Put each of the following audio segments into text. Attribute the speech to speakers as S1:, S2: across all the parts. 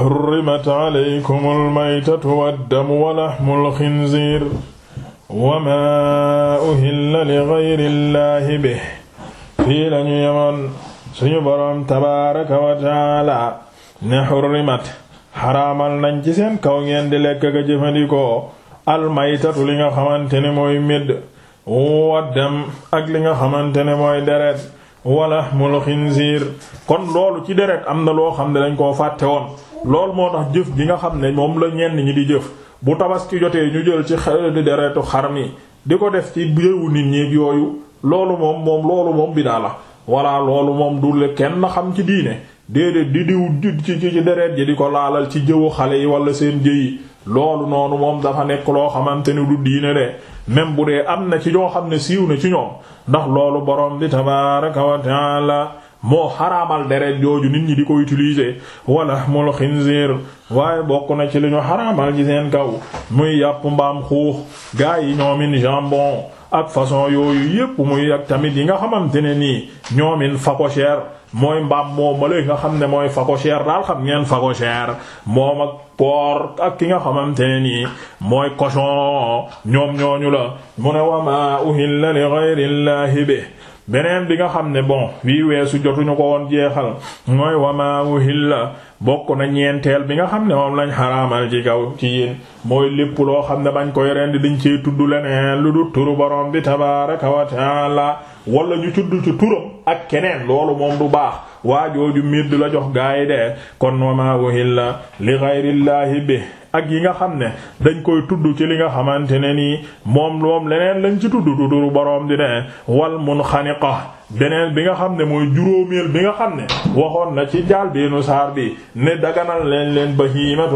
S1: xurrimat alaykum almaytatu waddamu wa laxmu wa maa uhilla li gayri llaahi bihi lañu yemoon suñu boroom tabaaraka wa ne xurrimat xaraamal nañ ci seen kaw ngeen di lekk almaytatu li nga xamante ne mooy médd waddam ak li nga xamante ne mooy deret walahmul xinziir kon loolu ci deret am na loo xam ne dañ koo fàtte woon lool moo tax jëf gi nga xam ne moom la ñenn ñi di jëf bu tabaski jotee ñu jël ci di deretu xar mi di ko def ci yëwu nit ñi yooyu loolu moom moom loolu moom bi daa la walla loolu moom du le kenn xam ci diine déedéet di diw ci ci deret ji di ko laalal ci jëwu xale yi wala seen jëyi loolu noonu moom dafa nekk loo xamante ni du diine de même bu dee am na ci ñoo xam ne siiw na ci ñoom ndax loolu borom bi tabaaraka wa la moo xaraamal deret jooju nit ñi di ko utiliser wala mul xinziir waaye bokk na ci li ñu xaraamal ci seen kaw muy yàpp mbaam xuux gaa yi ñoomin jambon ak façon yooyu yépp muy ak tamit yi nga xamante ne nii ñoomin facochère mooy mbaam moo malay nga xam ne mooy phacochère daal xam ngeen phacochère moom ak porc ak ki nga xamante ne nii mooy cochon ñoom ñooñu la mu ne wama uhilla li ghayri llahi beneen bi nga xam ne bon fii weesu jotuñu ko woon jeexal mooy wama uhilla bokk na ñeenteel bi nga xam ne moom lañ xaraamal ji kaw ci yéen mooy lépp loo xam ne bañ koy rendi dañ cee tudd leneen lu du turu borom bi tabaaraka wa taala wala ñu tudd ci turam ak keneen loolu moom du baax waa jooju miir du la jox gaay de kon wa maa uhilla li ghayrillahi bi ak yi nga xam ne dañ koy tudd ci li nga xamante ne nii moom moom leneen lañ ci tudd tuddu boroom di ne wal munxaniqa beneen bi nga xam ne mooy juróomeel bi nga xam ne waxoon na ci jaal beenu saar bi ne daganal leen leen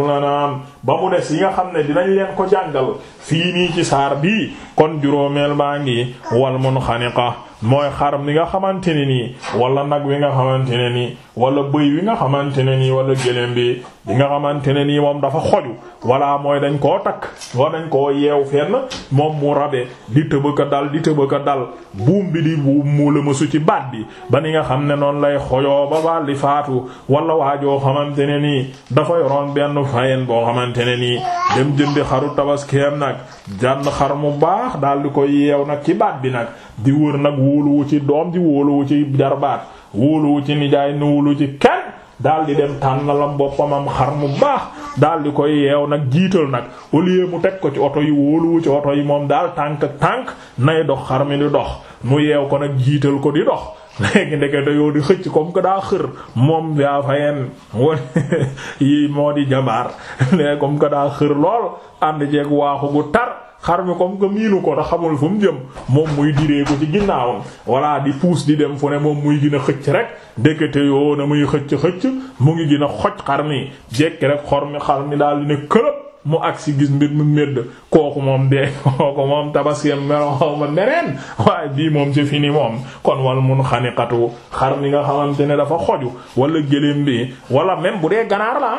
S1: na anaam ba mu des yi nga xam ne dinañ leen ko jàngal fii nii ci saar bii kon juróomeel baa ngi wal munxaniqa mooy xaram li nga xamante ne nii wala nag wi nga xamante ne nii wala bëy wi nga xamante ne nii wala gëléem bi bi nga xamante ne nii moom dafa xoju wala mooy dañ koo takk wa dañ koo yeew fenn moom mu rabe di tëbëka dal di tëbëka dal buum bi di buum mu lëmasu ci baat bi ba ni nga xam ne noonu lay xojoo ba baal di faatu wala waajoo xamante ne nii dafa yoroon benn fayen boo xamante ne nii dem jëndi xaru tabaskeem nag jànn xar mu baax daal di ko yeew nag ci baat bi nag di wër nag wóoluwu ci doom di wóoluwu ci jarbaat wóoluwu ci nijaay nuwulu ci kenn daal di dem tànnalam boppamam xar mu baax daal di koy yeew nag jiital nag au lieu mu teg ko ci oto yi wóoluwu ci oto yi moom daal tànk tànk nay dox xar mi di dox mu yeew ko nag jiital ko di dox léegi ndekete yoo di xëcc comme que daa xër moom yaa fayeen woon yi moo di jabaar mais comme que daa xër lool ànd jeeg waaxu gu tar xar mi comme que miinu ko da xamul fu mu jëm moom muy diree ko ci ginnaawam walla di puus di dem fu ne moom muy gën a xëcc rek ndekete yoo na muy xëcc xëcc mu ngi gina a xoj xar mi jekki rek xor mi xar mi daal di ne kërëb mu agsi gis mbir mu médd kooku moom de kooku moom tabaskiyam meroxaw ma mereen waaye bii moom ci fini moom kon wal mun xaniqatu xar mi nga xamante ne dafa xoju wala gëléem bi wala bu dee ganaar la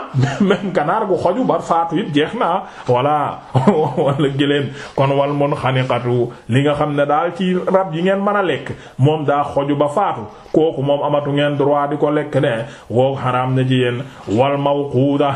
S1: ganaar gu xoju ba faatu it jeex naa wala wala gëléem kon wal mun xaniqatu li nga xam ne daal ci rab yi ngeen mën a lekk moom daa xoju ba faatu kooku moom amatu ngeen droit di ko lekk ne woo xaraam na ci yéen wal mawquda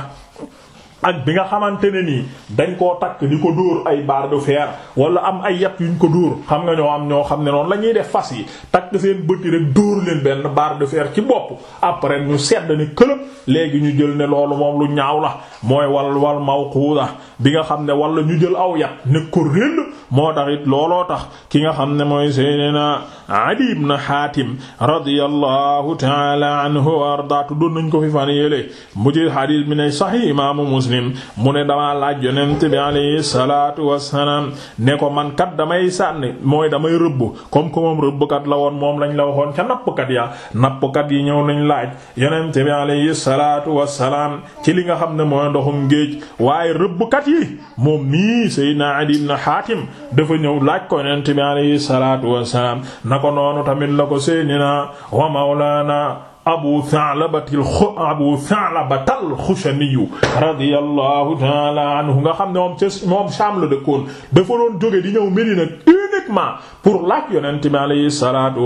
S1: ak bi nga xamante ne nii dañ koo takk di ko dóor ay baar de fer wala am ay yat yuñ ko dóor xam nga ñoo am ñoo xam ne noonu la ñuy def fas yi takk seen bëti rek dóor leen benn baar de fer ci bopp après ñu sedd ne këlëb léegi ñu jël ne loolu moom lu ñaaw la mooy wal wal mawquda bi nga xam ne wala ñu jël aw yat ne ko réll moo tax it looloo tax ki nga xam ne mooy seydina Adi ibn Hatim radiyallahu ta'ala anhu wa ardaatu doon nañ ko fi fan yélee mu ci muslim mu ne damaa laaj yonent bi alayhi salaatu wassalaam ne ko man kat damay sànni mooy damay rëbb comme que moom rëbbkat la won moom lañ la waxoon ca kat ya nappkat yi ñëw nañ laaj yonent bi alayhi salaatu wassalaam ci li nga xam ne mooy ndoxum géej waaye rëbbkat yi moom mii Seydina Adi ibn Hatim dafa ñëw laaj ko yonent bi alayhi salaatu wassalaam na ko noonu tamit la ko Seydina wa mawlaana abu Tha'labatil abu Tha'labatal Xushaniyu radiyallahu ta'ala anhu nga xam ne moom ca moom Sham la dëkkoon dafa doon jóge di ñëw Medina uniquement pour laaj yonent bi alayhi salaatu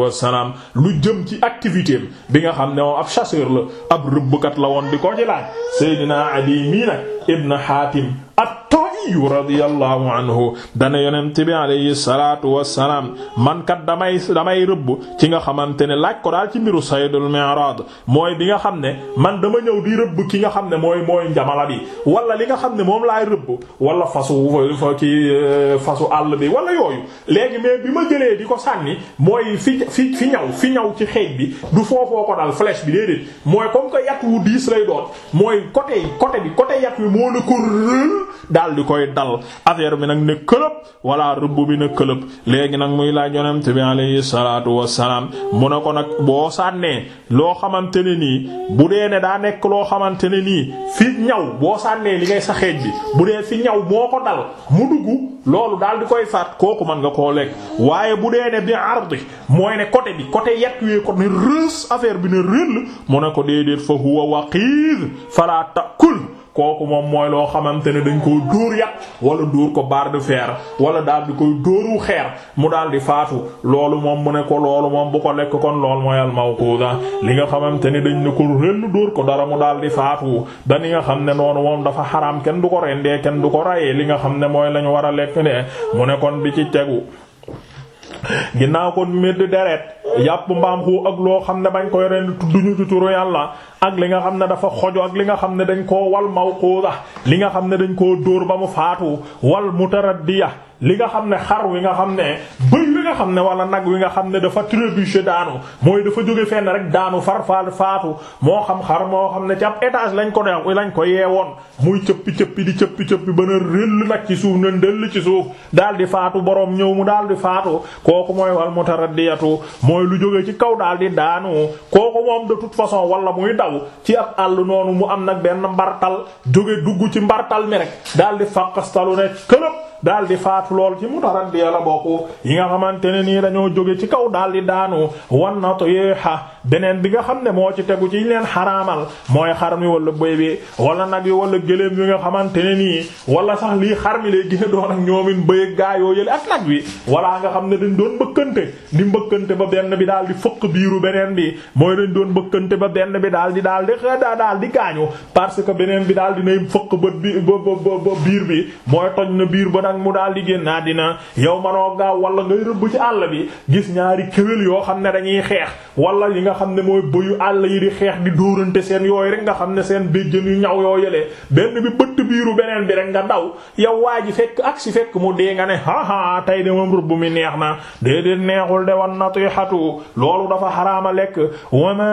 S1: lu jëm ci activité bi nga xam ne moom ab chasseur la ab rëbbkat la woon di ko ci laaj Seydina Adi mii nag Ibn Hatim yu radiyallahu anhu dana yonent bi alayhi salaatu wassalaam man kat damay damay rëbb ci nga xamante ne laaj ko daal ci mbiru saydul mi'rad mooy bi nga xam ne man dama ñëw di rëbb ki nga xam ne mooy mooy njamala bi wala li nga xam ne moom laay rëbb wala fasu fa ki euh, fasu àll bi wala yooyu léegi mais bi ma jëlee di ko sànni mooy fi fi fi ñaw fi ñaw ci xeej bi du foofoo ko dal flèche bi déedéet mooy comme que yat wu diis lay doon mooy côté côté bi di ko koy dal affaire bi nag ne këlëb walla rëbb bi ne këlëb léegi nag muy laaj yonent bi alayhi salaatu wassalaam mu ne ko nag boo sànnee loo xamante ne nii bu dee ne daa nekk loo xamante ne nii fi ñaw boo sànnee li ngay sa xeej bi bu dee fi ñaw boo ko dal mu dugg loolu daal di koy faat kooku mën nga koo lekk waaye bu dee ne bi ardi mooy ne côté bi côté yet wee ko ne rës affaire bi ne rëll mu ne ko déedéet fa huwa waqiid fala takul kooku moom mooy loo xamante ne dañ koo dóor yàq wala dóor ko barre de fer wala daal di koy dóoru xeer mu daal di faatu loolu moom mu ne ko loolu moom bu ko lekk kon loolu mooy al mawquda li nga xamante ne dañ ne ko renn dóor ko dara mu daal di faatu dani nga xam ne noonu moom dafa xaraam kenn du ko rendee kenn du ko rayee li nga xam ne mooy lañu war a lekk ne mu ne kon bi ci tegu ginnaaw kon medd deret yàpp mbaam xuux ak loo xam ne bañ koy ren tudduñu ci turu yàlla ak li nga xam ne dafa xojo ak li nga xam ne dañ koo wal mawquda li nga xam ne dañ koo dóor ba mu faatu wal mutaraddiya li nga xam ne xar wi nga xam ne bëy wi nga xam ne wala nag wi nga xam ne dafa trébuché daanu mooy dafa jóge fenn rek daanu far faatu faatu moo xam xar moo xam ne ci étage lañ ko deew lañ ko yeewoon muy cëpp cëppi di cëppi cëppi ba na rëll nag ci suuf na ndëll ci suuf daal di faatu boroom ñëw mu daal di faatu kooku mooy wal mutaraddiyatu mooy lu jóge ci kaw daal di daanu kooku moom de toute façon wala muy daw ci ab àll noonu mu am nag benn mbartal jóge dugg ci mbartal mi rek daal di fàqastalu ne daal di faatu lool ci mutaraddiya la bokk yi nga xamante ne nii dañoo jóge ci kaw daal di daanu wan to toyeexa beneen bi nga xam ne moo ci tegu ci leen xaraamal mooy xar mi wala bëy bi wala nag yi wala gëléem yi nga xamante ne nii wala sax lii xar mi lay gën doon ak ñoomin bëy gaa yoo yële ak nag bi wala nga xam ne dañ doon mbëkkante di mbëkkante ba benn bi daal di fëq biiru beneen bi mooy dañ doon mbëkkante ba benn bi daal di daal di daal di gaañu parce que beneen bi daal dinay fëq bët bi ba ba biir bi mooy toj na biir ba nag mu daal di génn naa dina yow manoo gaaw wala ngay rëbb ci àll bi gis ñaari kéwél yoo xam ne dañuy xeex wala nga xam ne mooy bëyu àll yi di xeex di dóorante seen yooyu rek nga xam ne seen béjjën yu ñaw yoo yëlee benn bi bëtt biiru beneen bi rek nga daw yow waa ji fekk ak si fekk mu dee nga ne aa tey de moom rubb mi neex na déedéet neexul de wan natihatu loolu dafa xaraama lekk wama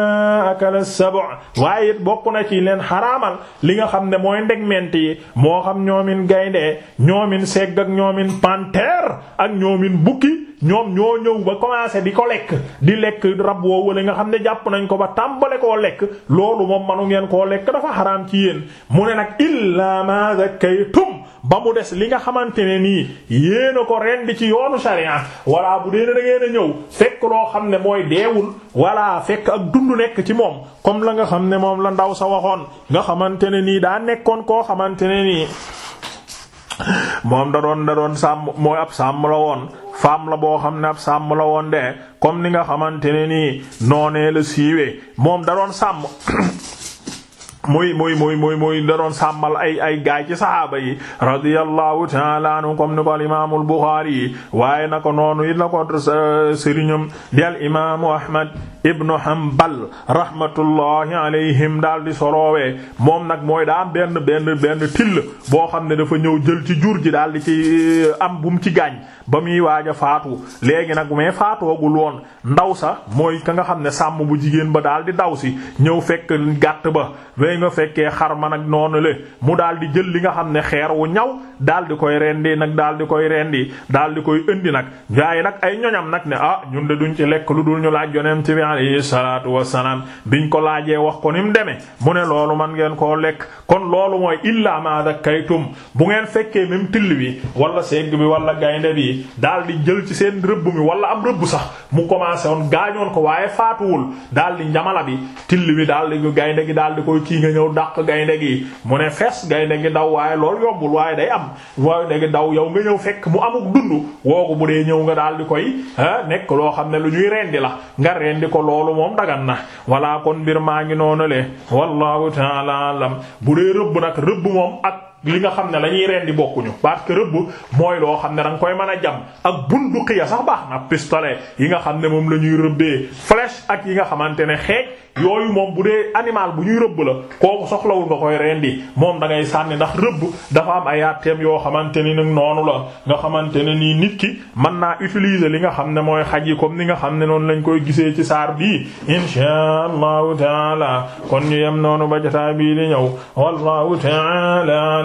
S1: akala sabo waaye bokk na ci leen xaraamal li nga xam ne mooy ndegment yi moo xam ñoomin gaynde ñoomin segg ak ñoomin panthère ak ñoomin bukki ñoom ñoo ñëw ba commencé di ko lekk di xam ne jàpp nañ ko ba tàmbale koo lekk loolu moom manu ngeen koo lekk dafa xaraam ci yéen mu ne nag illaa ma zakaytum ba mu des li nga xamante ne nii yéen ko rendi ci yoonu sharia walla bu dee da ngeen a ñëw fekk loo xam ne mooy deewul walla fekk ak dund nekk ci moom comme la nga xam ne moom la ndaw sa waxoon nga xamante ne nii daa nekkoon koo xamante ne nii moom da doon da sàmm mooy ab sàmm la woon faam la boo xam ne ab sàmm la woon de comme ni nga xamante ne nii noonee la siiwee moom da doon sàmm muy muy muy muy muy da doon sàmmal ay ay gaay ci yi radiyallahu ta'ala anhu comme ni ko al imaamu al Buxaari waaye na ko noonu it la ko euh, sëriñam di al imaamu Ahmad ibnu Hanbal rahmatullahi alayhim daal di soroowee moom nag mooy daa benn benn benn till boo xam ne dafa ñëw jël ci jur ji daal di ci eh, am bu mu ci gaañ ba muy waaja faatu léegi nag mais faatoogul woon ndaw sax mooy ka nga xam ne sàmm bu jigéen ba daal di daw si ñëw fekk gàtt ba way nga fekkee xar ma nag noonu le mu daal di jël li nga xam ne xeer wu ñaw daal di koy rendi nag daal di koy rendi daal di koy indi nag waaye nag ay ñoñam nag ne ah ñun de duñ ci lekk lu dul ñu laaj yonent bi alayhi salaatu wassalaam biñ ko laajee wax ko ni mu demee mu ne loolu man ngeen koo lekk kon loolu mooy illaa ma zakaytum bu ngeen fekkee même till bi wala segg bi wala gaynde bi daal di jël ci seen rëbb mi wala am rëbb sax mu commencé woon gaañoon ko waaye faatuwul daal di njamala bi till bi daal di gaynde gi daal di koy kii nga ñëw dàq gaynde gi mu ne fees gi daw waaye waaye day am am waaye léegi daw yow nga ñëw fekk mu amuk dund woogu bu dee ñëw nga daal di koy ah nekk loo xam ne lu ñuy rendi la nga rendi ko loolu moom dagan na walaa kon mbir maa ngi noonu le wallahu ta'ala alam bu dee rëbb nag rëbb moom ak li nga xam ne la ñuy rendi bokkuñu parce que rëbb mooy loo xam ne danga nga koy mën a jam ak bunduqiya sax baax na pistolet yi nga xam ne moom la ñuy rëbbee flèche ak yi nga xamante ne xeej yooyu moom bu dee animal bu ñuy rëbb la kooku soxlawul nga koy rendi moom da ngay sànni ndax rëbb dafa am ay atteem yoo xamante ni nag noonu la nga xamante ne nii nit ki mën naa utiliser li nga xam ne mooy xaj yi comme ni nga xam ne noonu lañ koy gisee ci saar bii insha allahu taala kon ñu noonu ba jotaay bii ñëw